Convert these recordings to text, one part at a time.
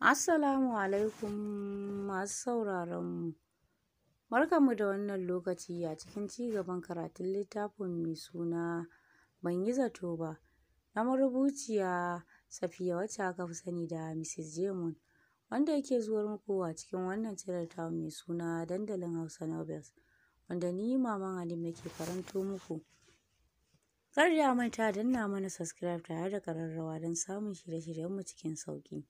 Assalamu alaikum masu sauraron Marka mu da wannan lokaci a cikin ci gaban karatun littafin mai suna Ban yi zato ba, na marubuciya Safiya wacce aka fi sani da Mrs. Jemun, wanda yake zuwar muku a cikin wannan tirar ta mai suna dandalin Hausa Novels, wanda ni Maman Halim nake karanto muku. Kar da manta danna mana subscribe tare da ƙararrawa don samun shirye-shiryenmu cikin sauƙi.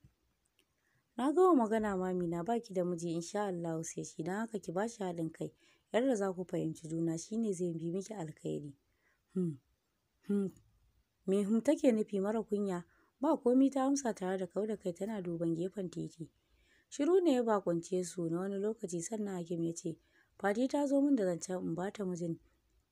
Na gama magana mami na baki da miji insha Allahu sai shi dan haka ki bashi haɗin kai. Yadda za ku fahimci juna shine zai bi miki alkhairi. Hmm, hmm. Me hum take nufi mara kunya? Ba komi ta amsa tare da kau da kai tana duban gefen titi. Shiru ne ya bakunce su na wani lokaci sannan Hakim ya ce, Fati ta zo min da zancen in bata mijin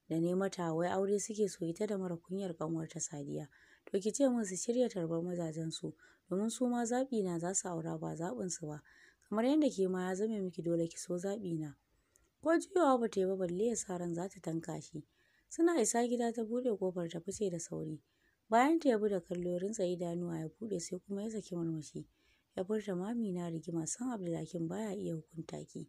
da ne mata wai aure suke so ita da mara kunyar kanwarta Sadiya. Bikice mun min su shirya tarbar mazajensu domin su ma zaɓi na za su aura ba su ba kamar yadda ke ma ya zame miki dole ki so zaɓi na ko juyawa ba ta yi ba balle ya sa ran za ta tanka shi suna isa gida ta buɗe kofar ta fice da sauri bayan ta yabi da kallo rinsa idanuwa ya buɗe sai kuma ya saki murmushi ya furta mami na rigima san abdulakin baya iya hukunta ki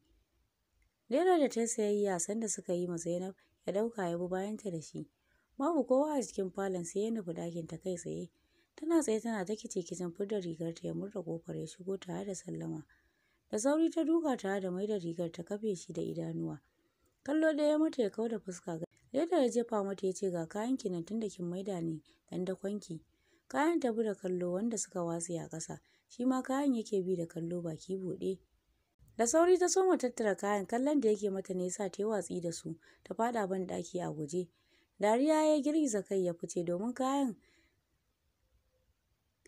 Lera da ta sayayya sanda suka yi ma Zainab ya ɗauka ya bi ta da shi. Babu kowa a cikin falon sai ya nufi ɗakin ta kai tsaye. Tana tsaye tana ta kice-kicen kicikicin fidda ta ya murda ƙofar ya shigo tare da sallama. Da sauri ta duka tare da maida rigar ta kafe shi da idanuwa. Kallo ɗaya ya mata ya kau da fuska. Leda ya jefa mata ya ce ga kayan kinan tun da kin maida ni ɗan kwanki Kayan ta bi da kallo wanda suka watsi a ƙasa. Shi ma kayan yake bi da kallo baki buɗe. Da sauri ta soma tattara kayan kallon da yake mata ne sa ta yi watsi da su ta faɗa ban ɗaki a guje. Dariya ya girgiza kai ya fice domin kayan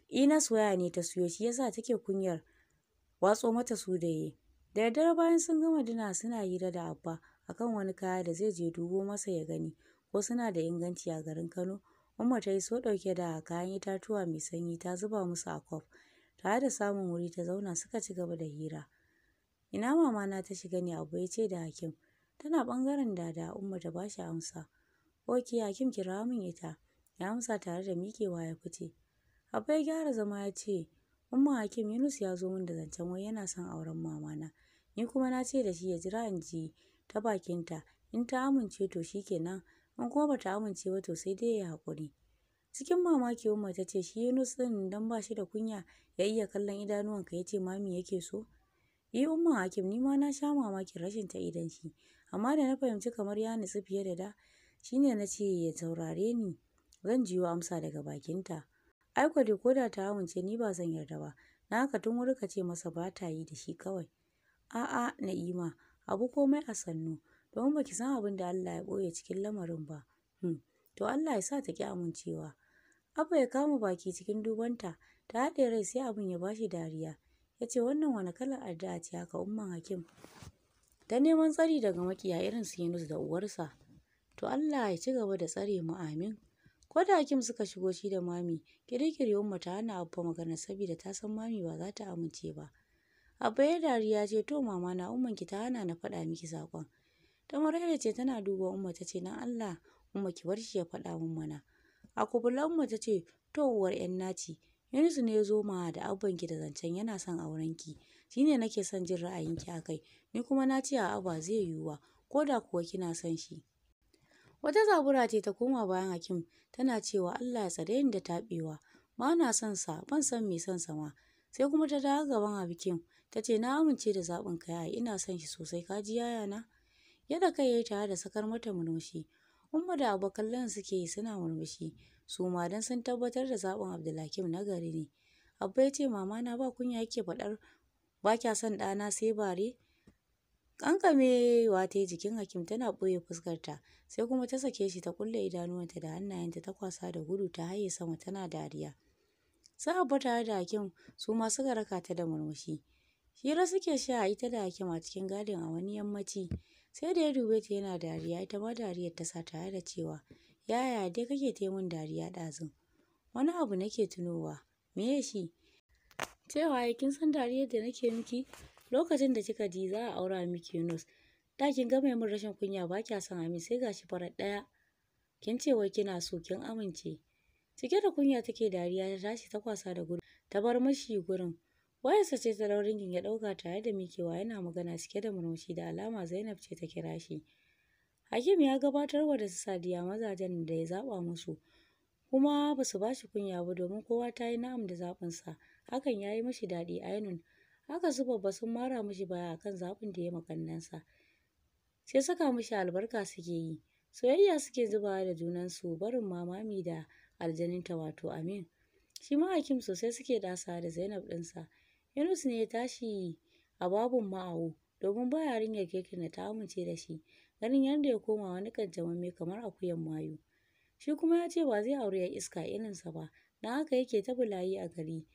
inas waya ne ta siyo shi yasa take kunyar watso mata su da yi. Da yaddare bayan sun gama dina suna hira da Abba akan wani kaya da zai je dubo masa ya gani ko suna da inganci a garin Kano. Umma ta yi so dauke da kayan itatuwa mai sanyi ta zuba musu a kwaf. Tare da samun wuri ta zauna suka ci gaba da hira. Ina mama na ta shiga ne abu ya ce da Hakim. Tana ɓangaren dada Umma ta bashi amsa. Ok Hakim kira min ita. Ya amsa tare da mikewa ya fice. Abba ya gyara zama ya ce, Umma Hakim Yunus ya zo min da zancen wai yana son auren mamana. Ni kuma na ce da shi ya jira in ji ta bakinta. In ta amince to shi kenan, in kuma bata amince ba to sai dai ya haƙuri. Cikin mamaki Umma ta ce shi Yunus ɗin dan ba shi da kunya ya iya kallon idanuwan ka yace mami yake so. Yi eh, Umma Hakim ni ma na sha mamakin rashin ta idan shi. Amma da na fahimci kamar ya nutsu fiye da da, Shi ne na ce ya taurare ni zan jiyo amsa daga bakinta ai kwa ko da ta amince ni ba zan yarda ba na haka tun wuri ka ce masa ba ta yi da shi kawai a'a na'ima abu komai a sannu domin baki san abin da Allah ya ɓoye cikin lamarin ba hmm. to Allah ya sa ta ki amincewa Abba ya kama baki cikin dubanta ta haɗe rai sai abin ya bashi dariya ya ce wannan wani kalar addu'a ce haka umman hakim ta neman tsari daga makiya irin su Yunus da uwarsa To Allah ya ci gaba da tsare mu amin. Ko da Hakim suka shigo shi da mami, kirkirewar mu ta hana Abba magana saboda ta san mami ba za ta amince ba. Abba ya dariya ce to mama na umman ki ta hana na faɗa miki sakon. Ta ce tana duba umma ta ce na Allah umma ki bar shi ya faɗa min mana. A kubula umma ta ce to uwar yan naci Yunusu ne ya zo ma da ki da zancen yana son aurenki. Shi ne nake son jin ra'ayinki a kai. Ni kuma na ce a ba zai yiwu ba, ko da kuwa kina son shi. Wata zabura ce ta koma bayan Hakim tana cewa Allah ya tsare ni da taɓewa. Ba na son sa, ban san me son sa ma. Sai kuma ta dawo gaban Hakim ta ce na amince da zaɓin ka yaya ina son shi sosai ka ji yaya na. Yadda kai yayi tare da sakar mata murmushi. Umma da abokan lan suke yi suna murmushi su ma dan sun tabbatar da zaɓin Abdulhakim na gari ne. Abba ya ce mama na ba kunya yake faɗar ba kya son ɗana sai bare Ƙanƙamewa ta jikin Hakim tana ɓoye fuskarta, sai kuma ta sake shi ta kulle idanuwanta da hannayenta ta kwasa da gudu ta haye sama tana dariya. Su Abba tare da Hakim su ma suka raka ta da murmushi. Hira suke sha ita da Hakim a cikin gadin a wani yammaci. Sai da ya dube ta yana dariya ita ma dariyar ta sa tare da cewa yaya dai kake ta min dariya ɗazun. Wani abu nake tunowa, ya shi? Cewa kin san dariyar da nake miki? lokacin da kika ji za a aura miki Yunus da kin ga mai mun rashin kunya ba kya son Amin sai gashi farar ɗaya kin ce wai kina so kin amince cike da kunya take dariya ta tashi ta kwasa da gudu ta bar mashi gurin wayarsa ce ta kin ya ɗauka tare da mikewa yana magana cike da murmushi da alama Zainab ce ta kira shi Hakim ya gabatar wa da su Sadiya mazajen da ya zaɓa musu kuma ba su ba shi kunya ba domin kowa ta yi na'am da zaɓinsa hakan ya yi mashi daɗi ainun Haka su babba sun mara mishi baya akan zaɓin da ya makannansa. Sai saka mishi albarka suke yi. Soyayya suke zubawa da junansu barin mamami da aljaninta wato Amin. Shi ma Hakim sosai suke dasa da Zainab ɗinsa. Yunus ne ya tashi a babun ma'awo domin ba yarinyar keken da ta amince da shi ganin yadda ya koma wani kanjamamme kamar akuyan mayu. Shi kuma ya ce ba zai auri ya iska ininsa ba, don haka yake ta bulayi a gari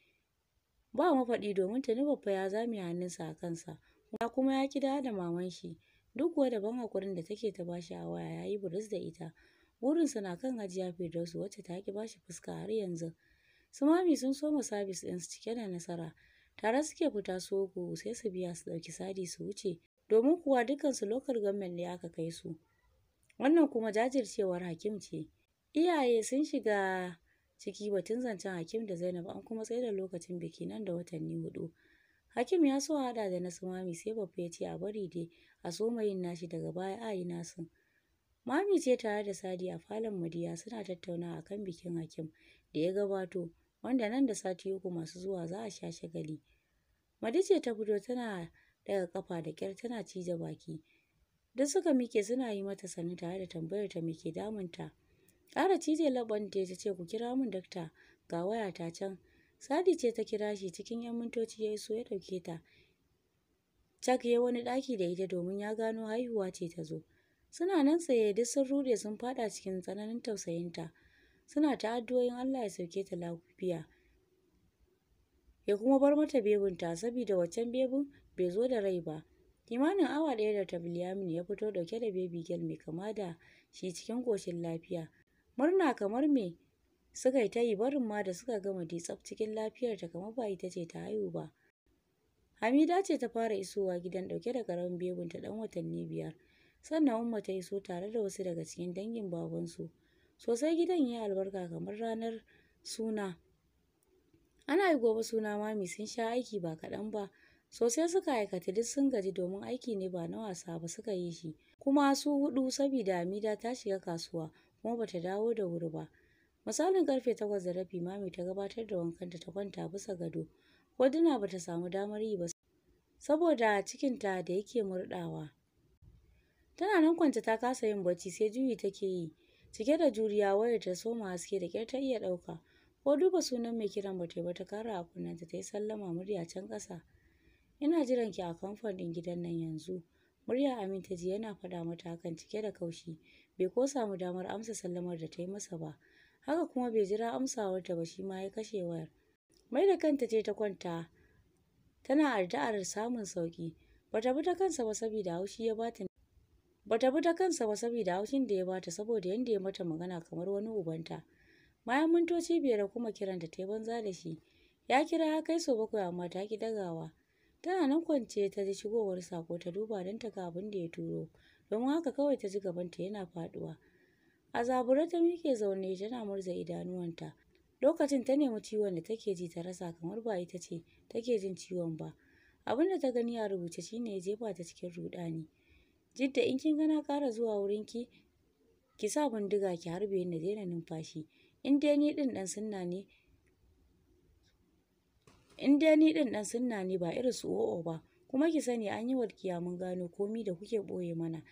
ba mafaɗi domin tuni babba ya zame hannunsa a kansa ya kuma ya ƙi da maman shi duk kuwa daban hakurin da take ta bashi a waya ya yi buris da ita burinsa na kan hajiya firdausu wacce ta ki bashi fuska har yanzu su mami sun soma sabis ɗin su cike da nasara tare suke fita soko sai su biya su ɗauki sadi su wuce domin kuwa dukansu lokal gwamnan ne aka kai su wannan kuma jajircewar hakim ce iyaye sun shiga ciki batun zancen Hakim da Zainab an kuma da lokacin biki nan da watanni hudu. Hakim ya so hada da nasu mami sai babba ya ce a bari dai a soma yin nashi daga baya a yi nasu. Mami ce tare da Sadi a falon Madiya suna tattauna a kan bikin Hakim da ya gabato wanda nan da sati uku masu zuwa za a sha shagali. Madi ce ta fito tana daga kafa da kyar tana cije baki. Duk suka mike suna yi mata sannu tare da tambayar ta me ke damunta. Ƙara cije labban da ya ce ku kira min dakta ga waya ta can. Sadi ce ta kira shi cikin 'yan mintoci ya iso ya ɗauke ta. Chuck ya wani ɗaki da ita domin ya gano haihuwa ce ta zo. Suna nan tsaye duk sun rude sun faɗa cikin tsananin tausayinta. Suna ta addu'o'in Allah ya sauke ta lafiya. Ya kuma bar mata bebin ta? saboda waccan bebin bai zo da rai ba. Kimanin awa ɗaya da Tabliyamin ya fito dauke da bebi gel mai kama da shi cikin koshin lafiya. Murna kamar me suka yi ta yi barin ma da suka gama tsaf cikin lafiyarta kamar ba ita ce ta haihu ba. Hamida ce ta fara isowa gidan dauke da karamin ƙaramin ta ɗan watanni biyar. Sannan Umma ta iso tare da wasu daga cikin dangin babansu. Sosai gidan ya albarka kamar ranar suna. Ana yi gobe suna mami sun sha aiki ba kaɗan ba. Sosai suka aikata duk sun gaji domin aiki ne ba na wasa ba suka yi shi. Kuma su huɗu sabida Hamida ta shiga kasuwa kuma bata dawo da wuri ba misalin karfe takwas da rabi mami ta gabatar da wankanta ta kwanta bisa gado ko bata samu damar yi ba saboda cikinta da yake murɗawa tana nan kwanta ta kasa yin bacci sai juyi take yi cike da juriya wayar ta soma haske da kyar ta iya ɗauka ko duba sunan mai kiran ba ta yi ba ta kara a kunnenta ta yi sallama murya can ƙasa ina jiran ki a kamfanin din gidan nan yanzu murya amin ta ji yana faɗa mata hakan cike da kaushi bai ko samu damar amsa sallamar da ta yi masa ba haka kuma bai jira amsawarta ba shi ma ya kashe wayar mai da kanta ce ta kwanta tana addu'ar samun sauki bata ta kansa ba saboda bi ta kansa ba saboda haushin da ya bata saboda yanda ya mata magana kamar wani ubanta bayan mintoci biyar kuma kiran da ta banza da shi ya kira ya kai so bakwai amma ta ki dagawa tana nan kwance ta ji shigowar sako ta duba don ta ga abin da ya turo don haka kawai ta ji gabanta yana faduwa A zabura ta mike zaune tana murza idanuwanta. Lokacin ta nemi ciwon da take ji ta rasa kamar ba ita ce take jin ciwon ba. Abin da ta gani a rubuce shine ya jefa ta cikin rudani Jidda in kin gana kara zuwa wurin ki sa bindiga ki harbe ni daina numfashi. In dai ni ɗin ɗan sunna ne in dai ni din dan sunna ne ba irin su o'o ba kuma ki sani an yi walƙiya mun gano komi da kuke ɓoye mana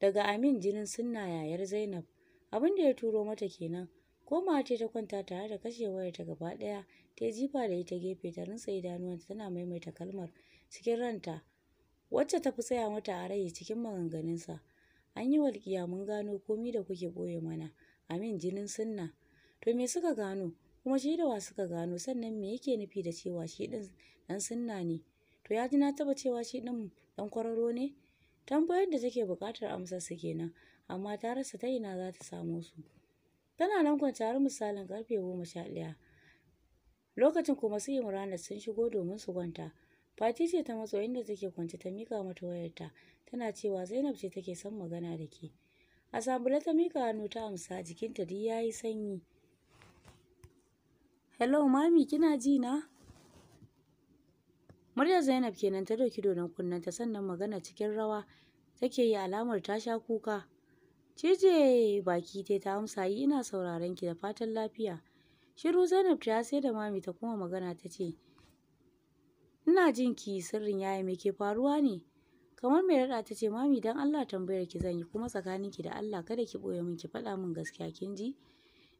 daga amin jinin sunna yayar zainab abin da ya turo mata kenan ko ce ta kwanta tare da kashe ta gaba ɗaya ta jifa da ita gefe ta rinsa idanuwanta tana maimaita kalmar cikin ranta wacce ta fi tsaya mata a rai cikin maganganunsa an yi walƙiya mun gano komi da kuke ɓoye mana amin jinin sunna to me suka gano kuma shi da wa suka gano sannan me yake nufi da cewa shi ɗin ɗan sunna ne to ya ji na taba cewa shi din ɗan kwararo ne tambayar da take buƙatar amsar su kenan amma ta rasa ta ina za ta samo su tana nan kwance har misalin karfe goma sha ɗaya lokacin kuma su imrana sun shigo domin su kwanta fati ce ta matso inda take kwance ta mika mata wayarta tana cewa zainab ce take son magana da ke a sabula ta mika hannu ta amsa jikinta duk yayi sanyi hello mami kina ji na Muryar Zainab kenan ta doki dodon ta sannan magana cikin rawa take yi alamar ta sha kuka. Cije baki tai ta amsa yi ina sauraron ki da fatan lafiya. Shiru Zainab ta sai da mami ta kuma magana ta ce ina jin ki sirrin yaya me ke faruwa ne? Kamar mai raɗa ta ce mami dan Allah tambayar ki zan yi kuma tsakanin ki da Allah kada ki boye min ki faɗa min gaskiya kin ji?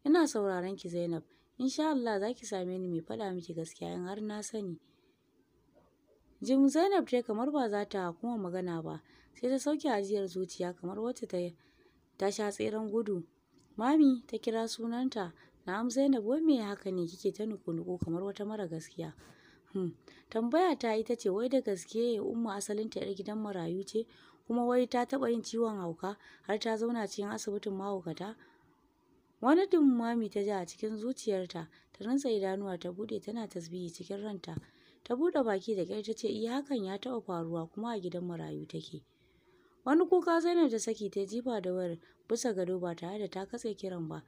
Ina sauraron ki Zainab. Insha Allah zaki same ni mai faɗa miki gaskiya in har na sani. Jim Zainab ta kamar ba za ta kuma magana ba, sai ta sauke ajiyar zuciya kamar wata ta ta sha tseren gudu. Mami ta kira sunanta, na'am Zainab wai me haka ne kike ta nuku-nuku kamar wata mara gaskiya? Hmm. Tambaya ta ita ce wai da gaske ya umma asalin ta 'yar gidan marayu ce kuma wai ta taɓa yin ciwon hauka har ta zauna cikin asibitin mahaukata? Wani Mami ta ji a cikin zuciyarta, ta rantsa idanuwa ta buɗe tana tasbihi cikin ranta. ta buɗe baki da ƙyar ta ce iya eh, hakan ya taɓa faruwa kuma a gidan marayu take wani kuka zainab da saki ta jifa da wayar bisa gado ba tare da ta katse kiran ba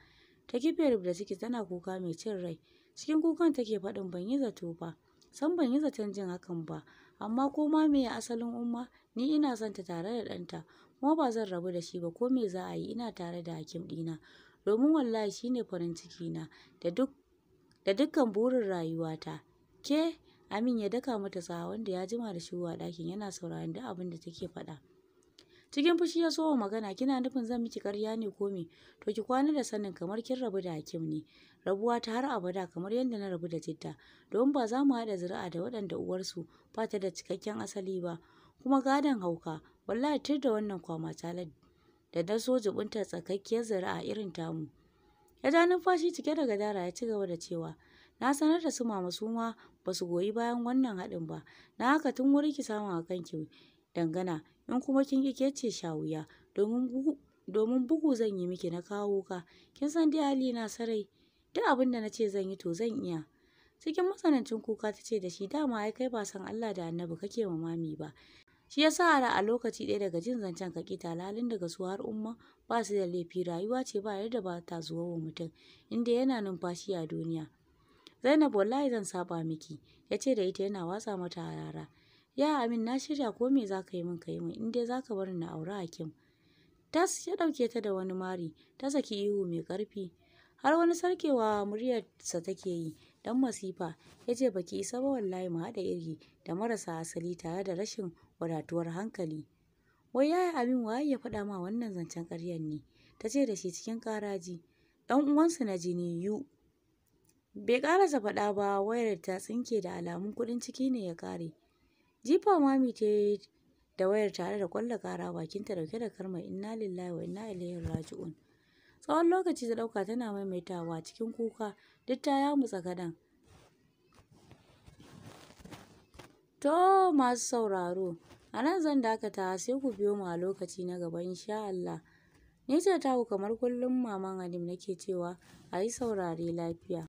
ta kife da ciki tana kuka mai cin rai cikin kukan take faɗin ban yi zato ba san ban yi zaton jin hakan ba amma ko ma me asalin umma ni ina son ta tare da ɗanta kuma ba zan rabu da shi ba ko me za a yi ina tare da hakim ɗina domin wallahi shine farin ciki na da da dukkan burin rayuwata ke Amin ya daka mata sa wanda ya jima da shigowa ɗakin yana sauraron duk abin da take faɗa. Cikin fushi ya sowa magana kina nufin zan miki ƙarya ne ko me? To ki kwana da sanin kamar kin rabu da Hakim ne. Rabuwa ta har abada kamar yadda na rabu da Jidda. Don ba za mu haɗa zuri'a da waɗanda uwarsu ba ta da cikakken asali ba. Kuma gadon hauka wallahi tun da wannan kwama talar da na so jibinta tsakakkiyar zuri'a irin tamu. Ya ja numfashi cike da gadara ya ci gaba da cewa na sanar da su mama su ma ba su goyi bayan wannan haɗin ba na haka tun wuri ki samu a kanki dangana in kuma kin ki kece shawuya domin domin bugu zan yi miki na kawo ka kin san dai hali na sarai duk abin da na ce zan yi to zan iya cikin matsanancin kuka ta ce da shi dama ai kai ba san Allah da annabi kake ma mami ba shi yasa ara a lokaci ɗaya daga jin zancen ka kita lalin daga su har umma ba su da laifi rayuwa ce ba yadda ba ta zuwa wa mutum inda yana numfashi a duniya Zainab wallahi zan saba miki, ya ce da ita yana watsa mata harara. Ya Amin na shirya ko me za yi min ka yi min in dai za ka bar na aure Hakim. Tas ya ɗauke ta da wani mari, ta saki ihu mai karfi Har wani sarkewa muryarsa take yi, dan masifa, ya ce baki isa ba wallahi mu haɗa iri da marasa asali tare da rashin wadatuwar hankali. Wai yaya Amin waye ya faɗa ma wannan zancen ƙaryar ne? Ta ce da shi cikin ƙaraji. Ɗan uwansu na jini yu Bai ƙarasa faɗa ba wayar ta tsinke da alamun kuɗin ciki ne ya kare Jifa mami ta yi da wayar tare da kara ƙara bakinta dauke da karma inna lillahi wa inna ilaihi raji'un. Tsawon lokaci ta ɗauka tana maimaitawa cikin kuka duk ta mutsa gadan To masu sauraro, a nan zan dakata sai ku biyo mu a lokaci na gaba insha Allah. Ni ce taku kamar kullum Maman Halim nake cewa ayi yi saurare lafiya.